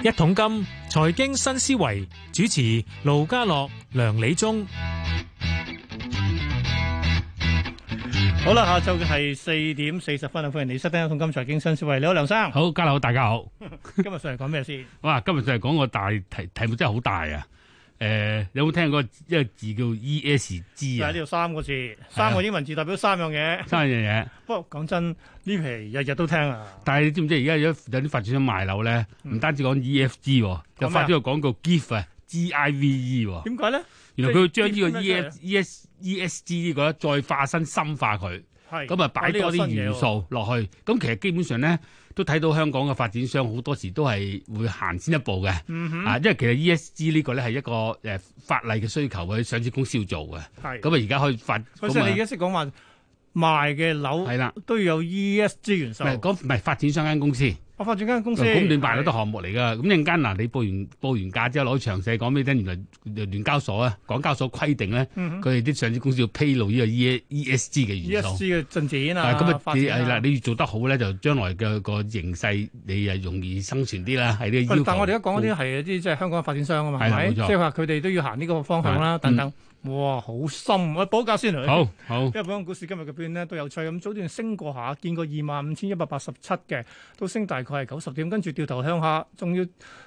一桶金財經新思維，主持盧家樂、梁理中，好啦，下晝嘅係四點四十分啊！歡迎你，收聽一桶金財經新思維。你好，梁生，好，家樂好，大家好。 今日上嚟講咩先？ 哇，今日上嚟講個大題題目真係好大啊！誒、呃，你有冇聽過一個字叫 E S G 啊？係呢度三個字，三個英文字代表三樣嘢。三樣嘢。不過講真，呢期日日都聽啊。但係你知唔知而家有有啲發展商賣樓咧？唔、嗯、單止講 E S G，又發咗個廣告 G I F 啊，G I V E、哦。點解咧？原來佢會將呢個 E E S E S G 呢個再化身深化佢。係，咁啊擺多啲元素落去，咁、啊、其實基本上咧都睇到香港嘅發展商好多時都係會行先一步嘅，嗯，啊，因為其實 E S G 呢個咧係一個誒、呃、法例嘅需求，佢上市公司要做嘅。係，咁啊而家可以發。即係你而家識講話賣嘅樓係啦，都要有 E S G 元素。唔係，講唔係發展商間公司。我發展間公司，咁亂辦咗多項目嚟噶。咁一陣間嗱，你報完報完價之後攞詳細講俾你聽，原來聯交所啊，港交所規定咧，佢哋啲上市公司要披露呢個 E S G 嘅元素。E S G 嘅進展啊，咁啊，啊，你係啦，你要做得好咧，就將來嘅、個形勢你啊容易生存啲啦。喺呢個要求。但我哋而家講嗰啲係啲即係香港發展商啊嘛，係咪？即係話佢哋都要行呢個方向啦，等等。嗯哇，好深！啊！補價先嚟。好，好，因為本港股市今日嘅變咧都有趣。咁早段升過一下，見過二萬五千一百八十七嘅，都升大概係九十點，跟住掉頭向下，仲要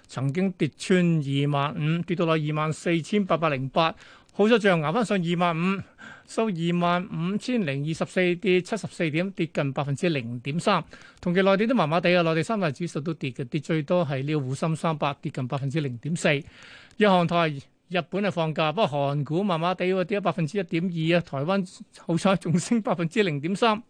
曾經跌穿二萬五，跌到落二萬四千八百零八，好咗，最後捱翻上二萬五，收二萬五千零二十四，跌七十四點，跌近百分之零點三。同期內地都麻麻地啊，內地三大指數都跌嘅，跌最多係呢個滬深三百跌近百分之零點四。約行睇日本啊放假，不過韓股麻麻地喎，跌百分之一點二啊，台灣好彩仲升百分之零點三。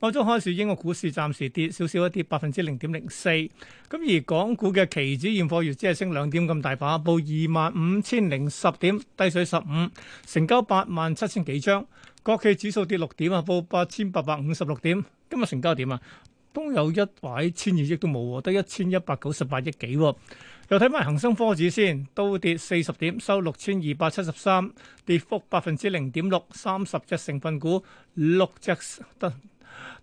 澳中開市，英國股市暫時跌少少跌，一跌百分之零點零四。咁而港股嘅期指現貨月只係升兩點咁大把，報二萬五千零十點，低水十五，成交八萬七千幾張。國企指數跌六點啊，報八千八百五十六點。今日成交點啊？都有一位千二億都冇喎，得一千一百九十八億幾。又睇埋恒生科指先，都跌四十點，收六千二百七十三，跌幅百分之零點六。三十隻成分股，六隻得。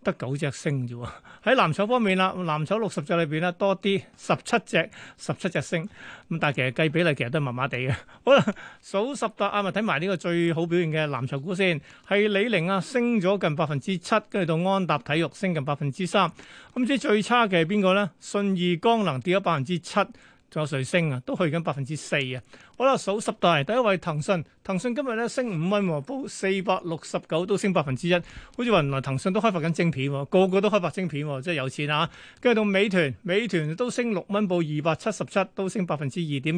得九隻升啫喎，喺藍籌方面啦，藍籌六十隻裏邊啦，多啲十七隻，十七隻升，咁但係其實計比例其實都係麻麻地嘅。好啦，數十大啊，睇埋呢個最好表現嘅藍籌股先，係李寧啊，升咗近百分之七，跟住到安踏體育升近百分之三，咁之最差嘅係邊個咧？信義光能跌咗百分之七，仲有誰升啊？都去緊百分之四啊。好啦，數十大第一位騰訊，騰訊今日咧升五蚊，報四百六十九，都升百分之一。好似話原來騰訊都開發緊晶片，個個都開發晶片，真係有錢啊！跟住到美團，美團都升六蚊，報二百七十七，都升百分之二點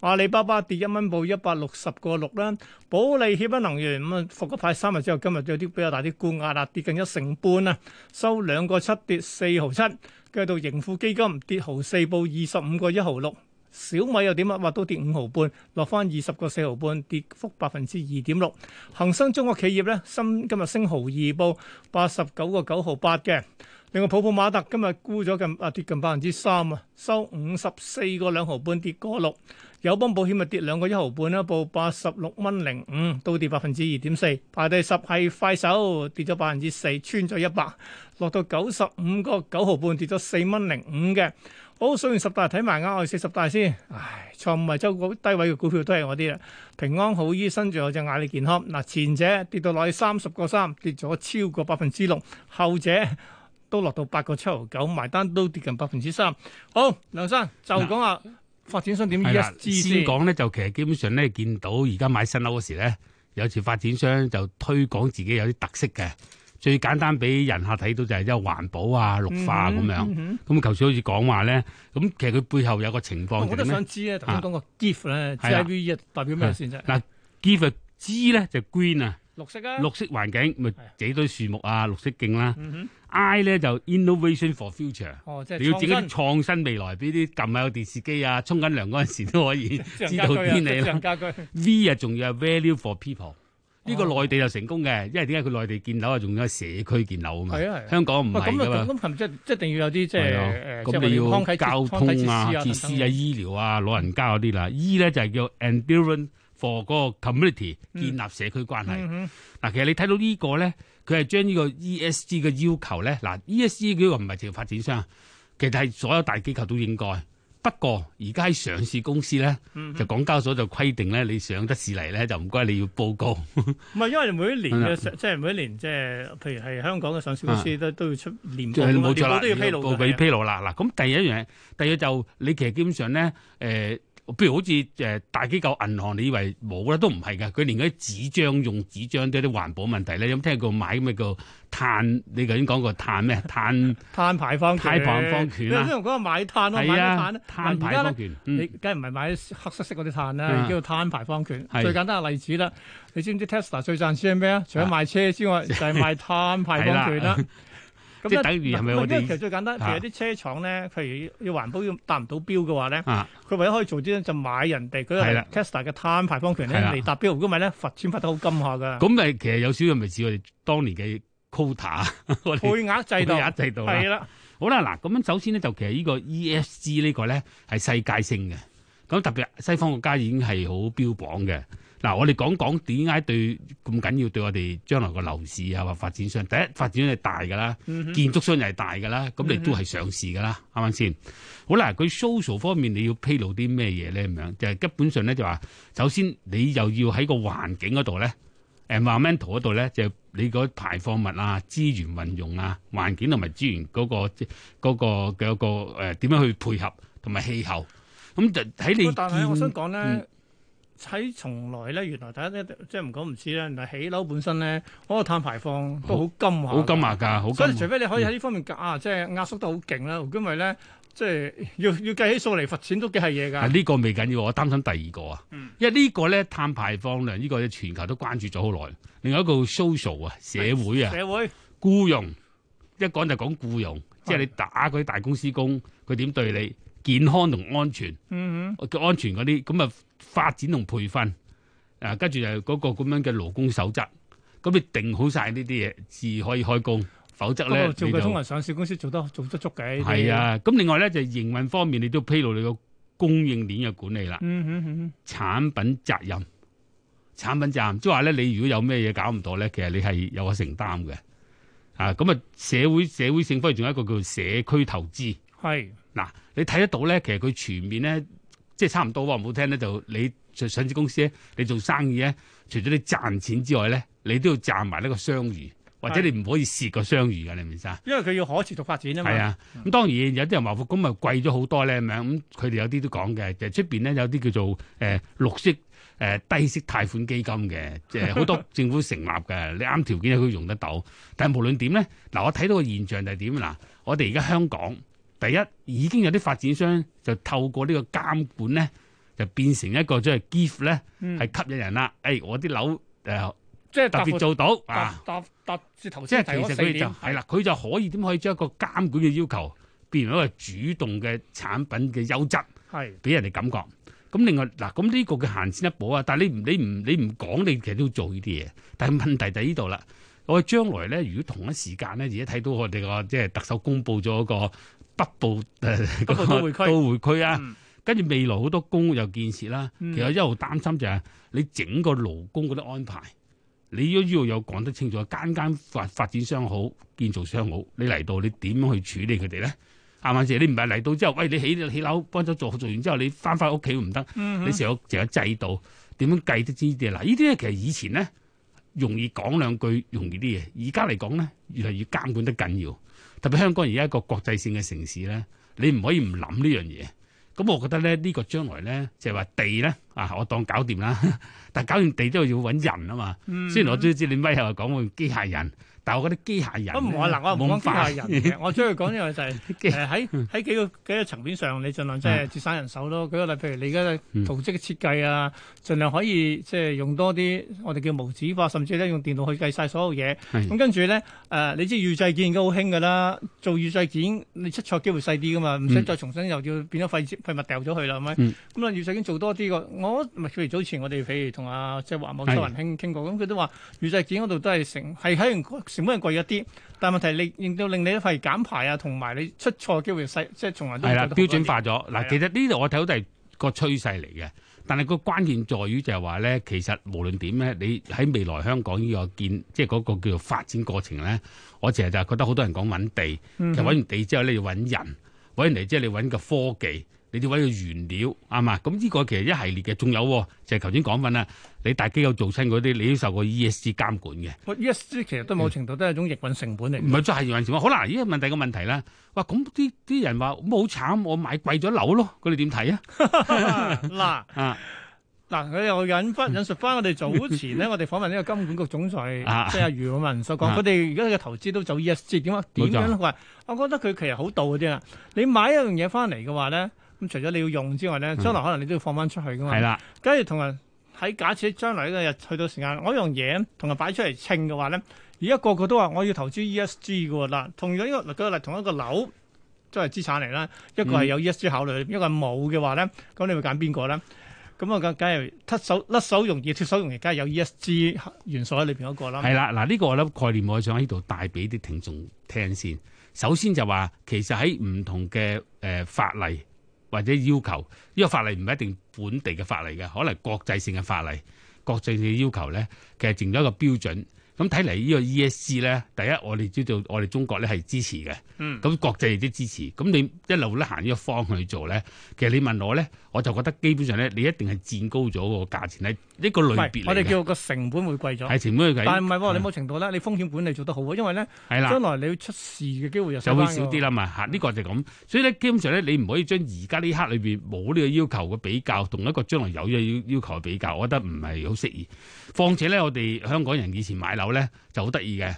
二。阿里巴巴跌一蚊，報一百六十個六啦。保利協鑫能源咁啊，復咗牌三日之後，今日有啲比較大啲沽壓啦，跌近一成半啊，收兩個七跌四毫七。跟住到盈富基金跌毫四，報二十五個一毫六。小米又點啊？話都跌五毫半，落翻二十個四毫半，跌幅百分之二點六。恒生中國企業咧，新今日升毫二，報八十九個九毫八嘅。另外，普普馬特今日沽咗近啊，跌近百分之三啊，收五十四個兩毫半，跌個六，友邦保險咪跌兩個一毫半啦，報八十六蚊零五，都跌百分之二點四，排第十係快手跌咗百分之四，穿咗一百落到九十五個九毫半，跌咗四蚊零五嘅。好，數完十大睇埋額外四十大先，唉，錯唔係周股低位嘅股票都係我啲啦。平安好醫生仲有隻阿里健康嗱，前者跌到落去三十個三，跌咗超過百分之六，後者。都落到八個七毫九，埋單都跌近百分之三。好，梁生就講下發展商點樣知先。先講咧，就其實基本上咧，見到而家買新樓嗰時咧，有時發展商就推廣自己有啲特色嘅。最簡單俾人客睇到就係即係環保啊、綠化咁、啊、樣。咁頭先好似講話咧，咁其實佢背後有個情況嘅咧。我都想知咧，頭先講個 GIF 咧，GIF 一代表咩先啫？嗱，GIF 嘅 G 咧就是、Green 啊。綠色啊！綠色環境咪、就是、幾堆樹木啊，綠色景啦、啊嗯。I 咧就 innovation for future，哦、即你要自己創新未來，俾啲撳下個電視機啊，沖緊涼嗰陣時都可以知道啲你啦。V 啊，仲要有 value for people，呢個內地就成功嘅，因為點解佢內地建樓啊，仲有社區建樓啊嘛、啊。香港唔係啊嘛。咁咁係一定要有啲即係誒？咁你要交通啊、設施啊、醫療啊、老人家嗰啲啦。E 咧就係叫 endurance。for 嗰個 community、嗯、建立社區關係。嗱、嗯，其實你睇到呢、呢個咧，佢係將呢個 ESG 嘅要求咧。嗱，ESG 佢唔係淨係發展商，嗯、其實係所有大機構都應該。不過而家喺上市公司咧、嗯，就港交所就規定咧，你上得市嚟咧就唔該你要報告。唔係，因為每一年嘅即係每一年即係，譬如係香港嘅上市公司都都要出年報、嗯就是，年報都要披露嘅。俾披露啦，嗱咁、啊、第二樣，第二就你其實基本上咧，誒、呃。比如好似誒、呃、大機構銀行，你以為冇咧都唔係嘅，佢連嗰啲紙張用紙張都啲環保問題咧，你有冇聽過買咩叫碳？你頭先講過碳咩？碳碳排放碳排放權，你先用嗰個買碳咯、啊，買碳碳排放權、嗯，你梗係唔係買黑色色嗰啲碳啦？啊、叫碳排放權、啊。最簡單嘅例子啦，你知唔知道 Tesla 最賺錢係咩啊？除咗賣車之外，啊、就係、是、賣碳排放權啦。 是 即係等於咪我哋其實最簡單，其、啊、譬如啲車廠咧，譬如要環保要達唔到標嘅話咧，佢唯一可以做啲咧就買人哋佢個 Tesla 嘅碳排放權咧，未達標，如果唔係咧罰錢罰得好金下噶。咁咪其實有少少咪似我哋當年嘅 quota 配額制度，配額制度啦。好啦，嗱咁樣首先咧就其實呢個 ESG 呢個咧係世界性嘅，咁特別西方國家已經係好標榜嘅。嗱，我哋講講點解對咁緊要對我哋將來個樓市啊，或發展商，第一發展商係大噶啦、嗯，建築商又係大噶啦，咁你都係上市噶啦，啱唔啱先？好嗱，佢 social 方面你要披露啲咩嘢咧？咁樣就係、是、根本上咧，就話首先你又要喺個環境嗰度咧誒 environment 嗰度咧，就是、你嗰排放物啊、資源運用啊、環境同埋資源嗰、嗰個嗰、嗰個嘅一、嗰個誒點、嗰個呃、樣去配合同埋氣候，咁就喺你。但係，我想講咧。嗯喺從來咧，原來大家咧即係唔講唔知啦。原來起樓本身咧，嗰、那個碳排放都好金好好金好金牙噶。所以除非你可以喺呢方面壓，即、嗯、係、啊就是、壓縮得好勁啦。因為咧，即、就、係、是、要要計起數嚟罰錢都幾係嘢㗎。呢個未緊要，我擔心第二個啊、嗯，因為這個呢個咧碳排放咧，呢、這個全球都關注咗好耐。另外一個 social 啊，社會啊，社會僱傭一講就講僱傭、嗯，即係你打嗰啲大公司工，佢點對你健康同安全？嗯哼，安全嗰啲咁啊。發展同培訓，啊，跟住就嗰個咁樣嘅勞工守則，咁你定好晒呢啲嘢，至可以開工，否則咧你通常上市公司做得做得足嘅係啊。咁另外咧就營運方面，你都披露你個供應鏈嘅管理啦。嗯哼嗯嗯，產品責任、產品責任，即係話咧，你如果有咩嘢搞唔到咧，其實你係有得承擔嘅。啊，咁啊，社會社會性方面，仲有一個叫社區投資。係嗱、啊，你睇得到咧，其實佢全面咧。即係差唔多喎，唔好聽咧就你上市公司，你做生意咧，除咗你賺錢之外咧，你都要賺埋呢個商譽，或者你唔可以蝕個商譽嘅，你明唔明啊？因為佢要可持續發展啊嘛。係啊，咁、嗯、當然有啲人話，咁咪貴咗好多咧咁樣，咁佢哋有啲都講嘅，就出邊咧有啲叫做誒綠色誒、呃、低息貸款基金嘅，即係好多政府成立嘅， 你啱條件佢用得到。但係無論點咧，嗱我睇到個現象就係點嗱，我哋而家香港。第一已經有啲發展商就透過呢個監管咧，就變成一個即係 gift 咧，係吸引人啦。誒、哎，我啲樓誒、呃，即係特別做到啊！達達即係頭先提嗰四點係啦，佢就，就可以點可以將一個監管嘅要求變為一個主動嘅產品嘅優質，係俾人哋感覺。咁另外嗱，咁呢個嘅行先一步啊！但係你唔你唔你唔講，你其實都要做呢啲嘢。但係問題就喺呢度啦。我哋將來咧，如果同一時間咧，而家睇到我哋個即係特首公布咗個，北部誒個、呃、都會區啊，跟、嗯、住未來好多工又建設啦，其實一路擔心就係你整個勞工嗰啲安排，你都要有講得清楚，間間發發展商好，建造商好，你嚟到你點樣去處理佢哋咧？啱唔啱先？你唔係嚟到之後，喂，你起起樓幫手做，做完之後你翻返屋企唔得，你成個成個制度點樣計得清啲，嗱，呢啲咧其實以前咧容易講兩句容易啲嘢，而家嚟講咧越嚟越監管得緊要。特別香港而家一個國際性嘅城市咧，你唔可以唔諗呢樣嘢。咁我覺得咧，呢、這個將來咧，就係、是、話地咧，啊，我當搞掂啦。但係搞掂地都要揾人啊嘛、嗯。雖然我都知道你咪係話，講個機械人。有嗰啲機械人，唔好啦，我冇講法。人 嘅，我主要講呢個就係喺喺幾個幾個層面上，你儘量、啊、即係節省人手咯。舉個例，譬如你而家嘅圖紙嘅設計啊，儘、嗯、量可以即係用多啲我哋叫無紙化，甚至咧用電腦去計晒所有嘢。咁、嗯嗯、跟住咧，誒、呃，你知預製件而家好興㗎啦，做預製件你出錯機會細啲㗎嘛，唔使再重新又、嗯、要變咗廢廢物掉咗佢啦，係、嗯、咪？咁、嗯、啊、嗯嗯，預製件做多啲個，我咪譬如早前我哋譬如同阿即係華望周文興傾過，咁佢、嗯、都話預製件嗰度都係成係喺全部係貴咗一啲，但問題你令到令你一費減排啊，同埋你出錯嘅機會細，即係從來都係啦標準化咗。嗱，其實呢度我睇到都係個趨勢嚟嘅，但係個關鍵在於就係話咧，其實無論點咧，你喺未來香港呢個建，即係嗰個叫做發展過程咧，我成日就覺得好多人講揾地，其實揾完地之後咧要揾人，揾完嚟之後你揾個科技。你啲揾要原料啱嘛？咁呢個其實一系列嘅，仲有、哦、就係頭先講緊啦。你大機構做親嗰啲，你都受個 ESG 監管嘅。ESG 其實都某程度、嗯、都係一種營運成本嚟。唔係，就係營運成本。好啦，依家問第二個問題啦。哇，咁啲啲人話好慘，我買貴咗樓咯，佢哋點睇啊？嗱 嗱、啊，佢、啊、又引翻引述翻我哋早前咧， 我哋訪問呢個金管局總裁即係余偉文所講，佢哋而家嘅投資都走 ESG 點啊？點樣？佢我覺得佢其實好道嘅啫。你買一樣嘢翻嚟嘅話咧。咁除咗你要用之外咧，將來可能你都要放翻出去噶嘛。係、嗯、啦，跟住同埋喺假設將來呢個日去到時間，我樣嘢同埋擺出嚟稱嘅話咧，而家個個都話我要投資 E S G 嘅喎嗱，同咗一個嗱，同一個樓作為資產嚟啦。一個係有 E S G 考慮、嗯，一個冇嘅話咧，咁你會揀邊個咧？咁啊，梗梗係甩手甩手容易，脫手容易，梗係有 E S G 元素喺裏邊一個啦。係啦，嗱、這、呢個我咧概念，我想喺呢度帶俾啲聽眾聽先。首先就話其實喺唔同嘅誒、呃、法例。或者要求呢個法例唔係一定本地嘅法例嘅，可能國際性嘅法例、國際性嘅要求咧，其實定咗一個標準。咁睇嚟呢個 ESG 咧，第一我哋知道我哋中國咧係支持嘅，咁、嗯、國際亦都支持。咁你一路咧行呢一個方向去做咧，其實你問我咧，我就覺得基本上咧，你一定係佔高咗個價錢喺呢個類別我哋叫個成本會貴咗。係成本會貴。但係唔係你冇程度啦、嗯，你風險管理做得好因為咧，係啦，將來你要出事嘅機會少就會少啲啦嘛吓呢、嗯啊呢個就咁。所以咧，基本上咧，你唔可以將而家呢刻裏面冇呢個要求嘅比較，同一個將來有嘅要要求嘅比較，我覺得唔係好適宜。況且咧，我哋香港人以前買樓。咧就好得意嘅，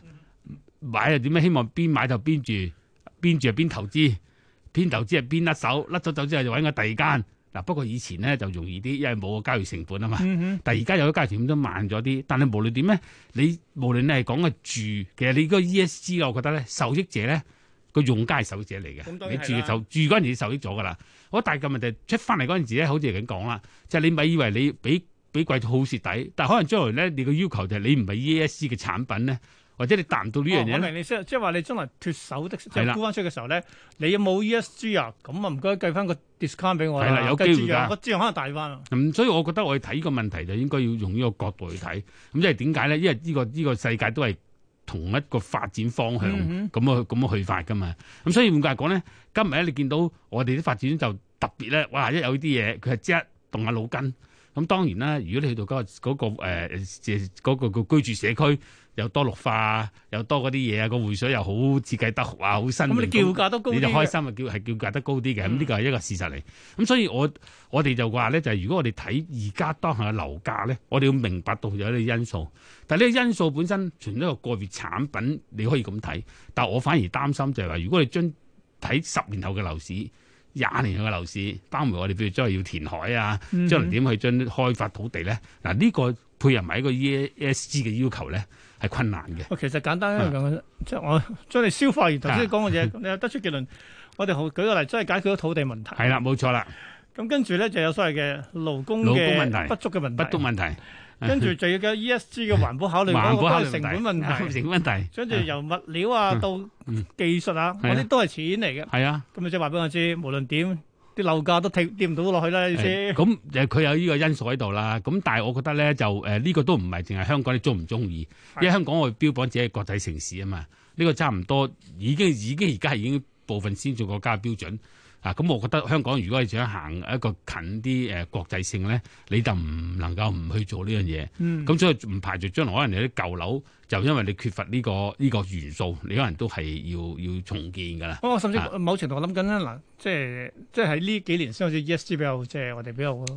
買啊點樣？希望邊買就邊住，邊住啊邊投資，邊投資啊邊甩手，甩咗走之後就揾個第二間。嗱，不過以前咧就容易啲，因為冇個交易成本啊嘛。但而家有咗交易成本，都慢咗啲。但係無論點咧，你無論你係講個住，其實你個 ESG，我覺得咧受益者咧個用家係受益者嚟嘅。你住就住嗰陣時受益咗噶啦。好大嘅問題出翻嚟嗰陣時咧，好似係咁講啦，即係你咪以為你俾。俾貴到好蝕底，但係可能將來咧，你嘅要求就係你唔係 E S G 嘅產品咧，或者你達唔到呢樣嘢。哦。我明你即係即係話你將來脱手的即係沽翻出嘅時候咧，你冇 E S G 啊，咁啊唔該計翻個 discount 俾我啦。係啦，有機會㗎，個、啊、資源可能大翻。咁、嗯、所以我覺得我哋睇個問題就應該要用呢個角度去睇。咁即係點解咧？因為呢、呢個呢、呢個世界都係同一個發展方向，咁啊咁去發㗎嘛。咁、嗯、所以換句話講咧，今日咧你見到我哋啲發展就特別咧，哇！有一有呢啲嘢，佢係即刻動下腦筋。咁當然啦，如果你去到嗰、那個嗰、那個誒，呃那個、居住社區又多綠化，又多嗰啲嘢啊，個匯水又好設計得好啊，好新。咁你叫價都高啲，你就開心啊！叫係叫價得高啲嘅，咁、嗯、呢個係一個事實嚟。咁所以我我哋就話咧，就係、是、如果我哋睇而家當下嘅樓價咧，我哋要明白到有一啲因素。但係呢個因素本身全一個個別產品，你可以咁睇。但係我反而擔心就係話，如果你將睇十年後嘅樓市。廿年嘅樓市，包括我哋譬如將來要填海啊，將來點去將開發土地咧？嗱，呢個配合埋一個 ESG 嘅要求咧，係困難嘅。其實簡單咧咁，即係我將你消化完頭先講嘅嘢，你得出結論，我哋好舉個例，真係解決咗土地問題。係啦，冇錯啦。咁跟住咧就有所謂嘅勞工嘅不足嘅問題。嗯嗯、跟住就要嘅 E S G 嘅環保考慮嗰個，包括成本問題，跟住由物料啊到技術啊嗰啲、嗯、都係錢嚟嘅。係啊，咁你即係話俾我知，無論點啲樓價都跌唔到落去啦，意思。咁、嗯、誒，佢有呢個因素喺度啦。咁但係我覺得咧，就誒呢、這個都唔係淨係香港你中唔中意，因為香港我標榜自己係國際城市啊嘛。呢、這個差唔多已經已經而家係已經部分先進國家嘅標準。啊，咁我覺得香港如果係想行一個近啲誒國際性咧，你就唔能夠唔去做呢樣嘢。咁、嗯、所以唔排除將來可能你啲舊樓就因為你缺乏呢個呢個元素，你可能都係要要重建噶啦。哦、啊，甚至某程度我諗緊咧嗱，即係即係喺呢幾年先好似 E S G 比較即係我哋比較我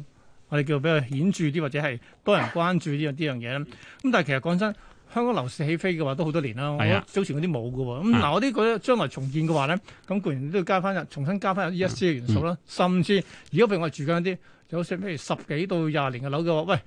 哋叫比較顯著啲或者係多人關注呢 樣呢樣嘢咧。咁但係其實講真。香港樓市起飛嘅話都好多年啦，啊，我覺得早前嗰啲冇㗎喎，咁嗱、啊嗯嗯啊、我啲覺得將來重建嘅話咧，咁固然都要加翻入，重新加翻入 ESG 嘅元素啦，嗯嗯，甚至如果譬如我住緊一啲，就好似譬如十幾到廿年嘅樓嘅話，喂，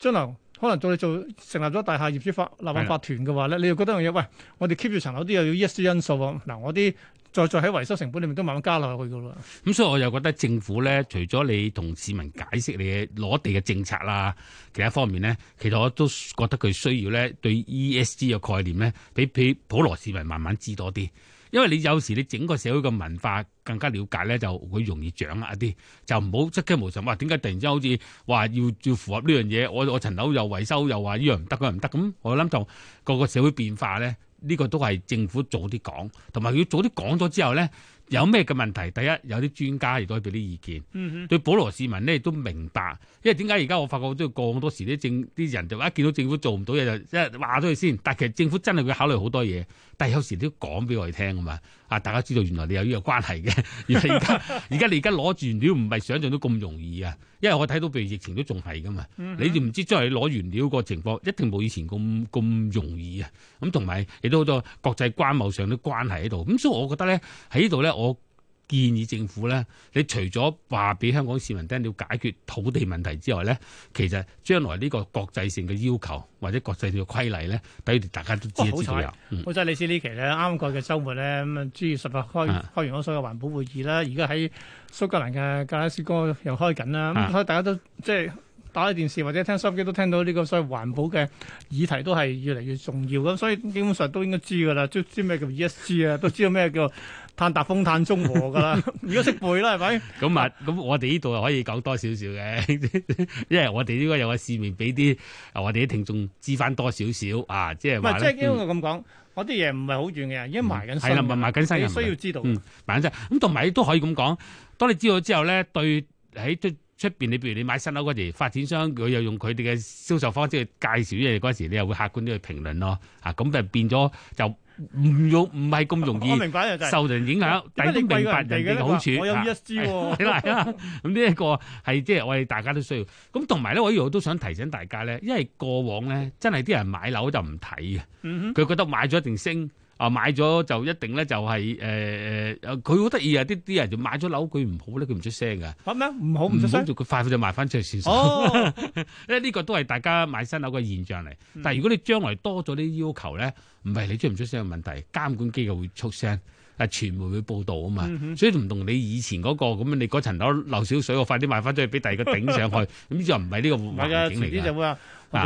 將來可能做你做成立咗大廈業主法立法、啊、立法團嘅話咧，你又覺得樣嘢，喂，我哋 keep 住層樓都要 ESG 因素喎，嗱、啊、我啲。再再喺維修成本裏面都慢慢加落去噶咯。咁、嗯、所以我又覺得政府咧，除咗你同市民解釋你嘅攞地嘅政策啦、啊，其他方面咧，其實我都覺得佢需要咧，對 E S G 嘅概念咧，比俾普羅市民慢慢知道多啲。因為你有時你整個社會嘅文化更加了解咧，就會容易掌握一啲。就唔好即其無神。哇！點解突然之間好似話要要符合呢樣嘢？我我層樓又維修又話呢樣唔得，嗰樣唔得。咁、嗯、我諗就個個社會變化咧。呢、這個都係政府早啲講，同埋佢早啲講咗之後咧，有咩嘅問題？第一有啲專家亦都可以俾啲意見，嗯、哼對普羅市民咧都明白。因為點解而家我發覺都要過好多時啲政啲人就話一見到政府做唔到嘢就即係話咗佢先，但係其實政府真係會考慮好多嘢，但係有時都講俾我哋聽啊嘛。啊！大家知道原來你有呢個關係嘅，而家而家你而家攞住原料唔係想像到咁容易啊！因為我睇到譬如疫情都仲係㗎嘛，你哋唔知道將來攞原料個情況一定冇以前咁咁容易啊！咁同埋亦都好多國際關貿上啲關係喺度，咁、嗯、所以我覺得咧喺呢度咧我。建議政府咧，你除咗話俾香港市民聽了解決土地問題之外咧，其實將來呢個國際性嘅要求或者國際嘅規例咧，等於大家都知,知、哦、好彩，嗯、好彩！李 Sir 呢期咧，啱啱過嘅週末咧，咁啊，終於十八開開完咗所有環保會議啦。而家喺蘇格蘭嘅格拉斯哥又開緊啦。咁、啊、所以大家都即係打開電視或者聽收音機都聽到呢個所有環保嘅議題都係越嚟越重要咁，所以基本上都應該知噶啦，都知咩叫 ESG 啊，都知道咩叫。 碳達峰、碳中和噶啦，如果識背啦，係咪？咁啊，咁我哋呢度可以講多少少嘅，因為我哋應該有個市面俾啲我哋啲聽眾知翻多少少啊，即係唔係？即係因為咁講，我啲嘢唔係好遠嘅，因為埋緊。係啦，埋埋緊新嘢，你需要知道埋緊。咁同埋都可以咁講，當你知道之後咧，對喺出出邊，你譬如你買新樓嗰時，發展商佢又用佢哋嘅銷售方式去介紹啲嘢，嗰時你又會客觀啲去評論咯。啊，咁就變咗就。唔用唔係咁容易，受人影響，因為明白、就是、為人嘅好處，好處這個、我有 ESG 喎。咁呢一個係即係我哋大家都需要。咁同埋咧，我亦我都想提醒大家咧，因為過往咧真係啲人買樓就唔睇嘅，佢、嗯、覺得買咗一定升。啊買咗就一定咧就係誒誒，佢、呃、好得意啊！啲啲人就買咗樓，佢唔好咧，佢唔出聲噶。咁唔好唔出聲，佢快快就賣翻出去先。哦， 因為呢個都係大家買新樓嘅現象嚟、嗯。但係如果你將來多咗啲要求咧，唔係你不出唔出聲嘅問題，監管機構會出聲，係傳媒會報道啊嘛。所以唔同你以前嗰、嗰個咁你嗰層樓流少水，我快啲賣翻出去俾第二個頂上去，咁又唔係呢個唔係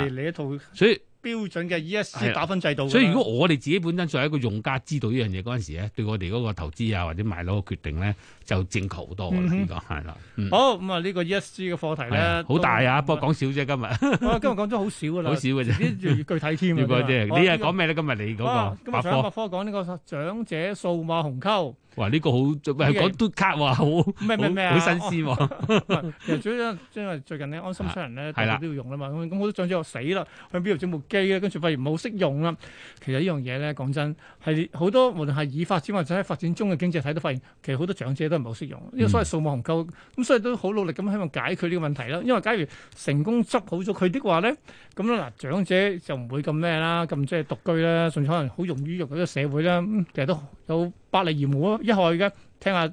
嚟一套、啊、所以。標準嘅 e s g 打分制度、啊，所以如果我哋自己本身作為一個用家知道呢樣嘢嗰陣時咧，對我哋嗰個投資啊或者買樓嘅決定咧，就正確好多。點、嗯、講？係啦、啊嗯。好咁啊，呢個 e s g 嘅課題咧，好、哎、大啊，不過講少啫今日。今日講咗好少噶啦。好 少嘅啫。具體添、啊。你係講咩咧？今日你嗰個今日上百科講呢個長者數碼鴻溝。哇！呢、這個好，係講 d 卡喎，好。咩咩咩好新鮮。思啊啊啊、主要因、啊、最近咧，安心出行咧，大家都要用啦嘛。咁我都多長者又死啦，度、啊這個跟住發現唔好識用啦。其實這呢樣嘢咧，講真係好多，無論係已發展或者喺發展中嘅經濟體都發現，其實好多長者都唔係好識用。因為所謂數碼鴻溝，咁所以都好努力咁希望解決呢個問題啦。因為假如成功執好咗佢啲話咧，咁咧嗱，長者就唔會咁咩啦，咁即係獨居啦，甚至可能好融入嗰個社會啦。其實都有百利而無一害嘅。聽下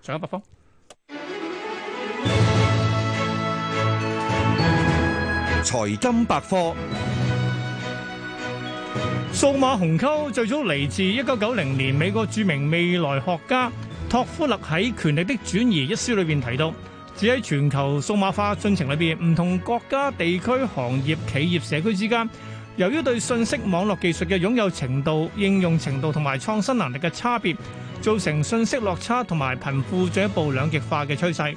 上一北方財金百科。數碼鴻溝最早嚟自一九九零年美國著名未來學家托夫勒喺《權力的轉移》一書裏邊提到，只喺全球數碼化進程裏邊，唔同國家、地區、行業、企業、社區之間，由於對信息網絡技術嘅擁有程度、應用程度同埋創新能力嘅差別，造成信息落差同埋貧富進一步兩極化嘅趨勢。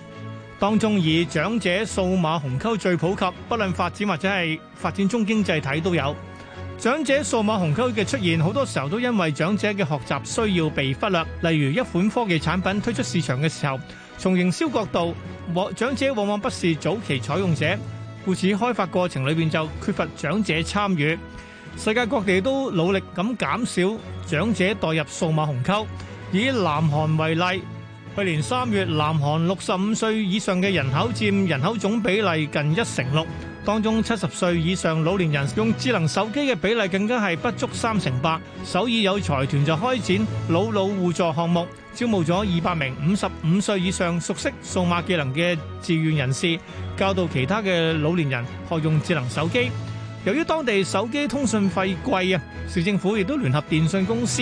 當中以長者數碼鴻溝最普及，不論發展或者係發展中經濟體都有。長者數碼鴻溝嘅出現，好多時候都因為長者嘅學習需要被忽略。例如，一款科技產品推出市場嘅時候，從營銷角度，長者往往不是早期採用者，故此開發過程裏面就缺乏長者參與。世界各地都努力咁減少長者代入數碼鴻溝。以南韓為例，去年三月，南韓六十五歲以上嘅人口佔人口總比例近一成六。當中七十歲以上老年人用智能手機嘅比例更加係不足三成八。首爾有財團就開展老老互助項目，招募咗二百名五十五歲以上熟悉數碼技能嘅志願人士，教導其他嘅老年人學用智能手機。由於當地手機通訊費貴啊，市政府亦都聯合電信公司。